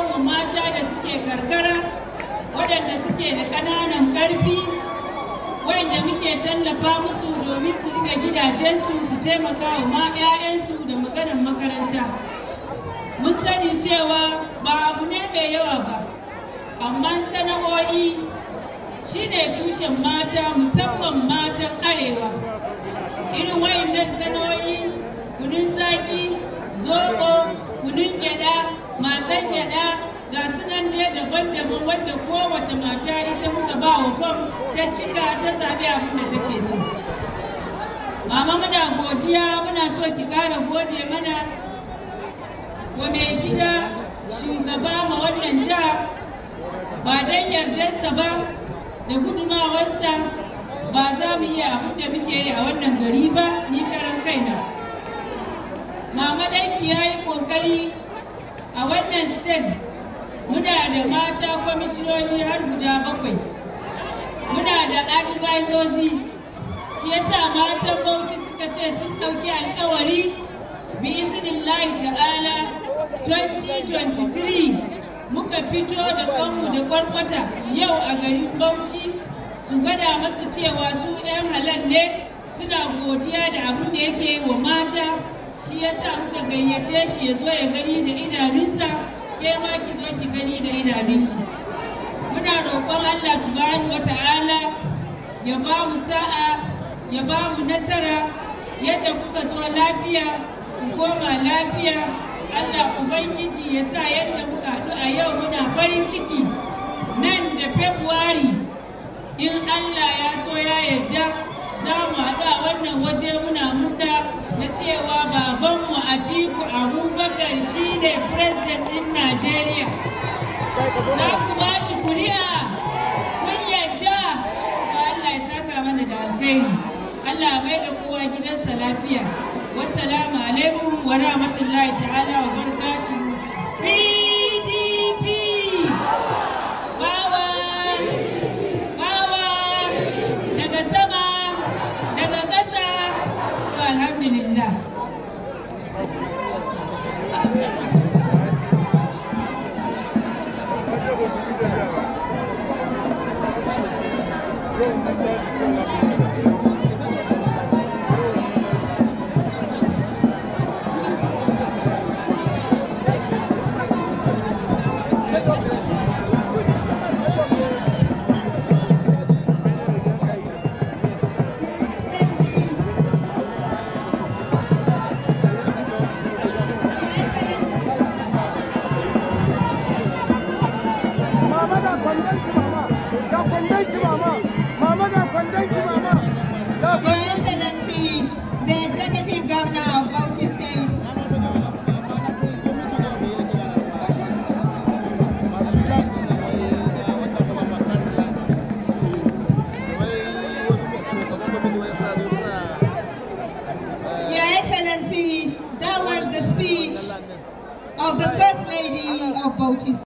'ya'yanmu mata da suke karkara waɗanda suke da ƙananan ƙarfi waɗanda muke tallafa musu domin su riƙa gidajensu su taimaka wa 'ya'yansu da maganar makaranta mun sani cewa ba abu ne mai yawa ba amma sana'o'i shine tushen mata musamman matan arewa irin wayannan sana'o'i kunun zaki matsan gyada ga sunan dai daban-daban wanda kowace mata ita muka ba wa fam ta cika ta zaɓi abin da take so mama muna godiya muna so ki ƙara gode mana wa mai gida shugaba ma wannan jiha ba don yardarsa ba da gudumawarsa ba za mu iya abin da muke yi a wannan gari ba ni karan kaina mama danki ya yi ƙoƙari a wannan state muna da mata kwamishinoni har guda bakwai muna da advisorsi shi yasa matan bauchi suka ce sun ɗauki alkawari bi iznillahi ta'ala 2023 muka fito da kanmu da kwarkwata yau a garin bauchi su gada masa cewa su 'yan halal ne suna godiya da abin da yake wa mata shi yasa muka gayyace shi ya zo ya gani da idanunsa ke ma ki zo ki gani da idanunki muna roƙon Allah subhanahu wata'ala ya ba mu sa'a ya ba mu nasara yadda kuka zo lafiya ku koma lafiya Allah ubangiji ya sa yadda muka haɗu a yau muna farin ciki nan da Februari in Allah ya so ya yarda za mu haɗu a wannan waje muna murna na cewa babanmu Atiku Abubakar shi ne president ɗin Najeriya. Za ku ba shi kuri'a kun yadda Allah ya saka mana da alkhairi. Allah mai da kowa gidansa lafiya. Wassalamu alaikum wa rahmatullahi ta'ala wa Mira. Thank you. speech of the First Lady of Bochistan.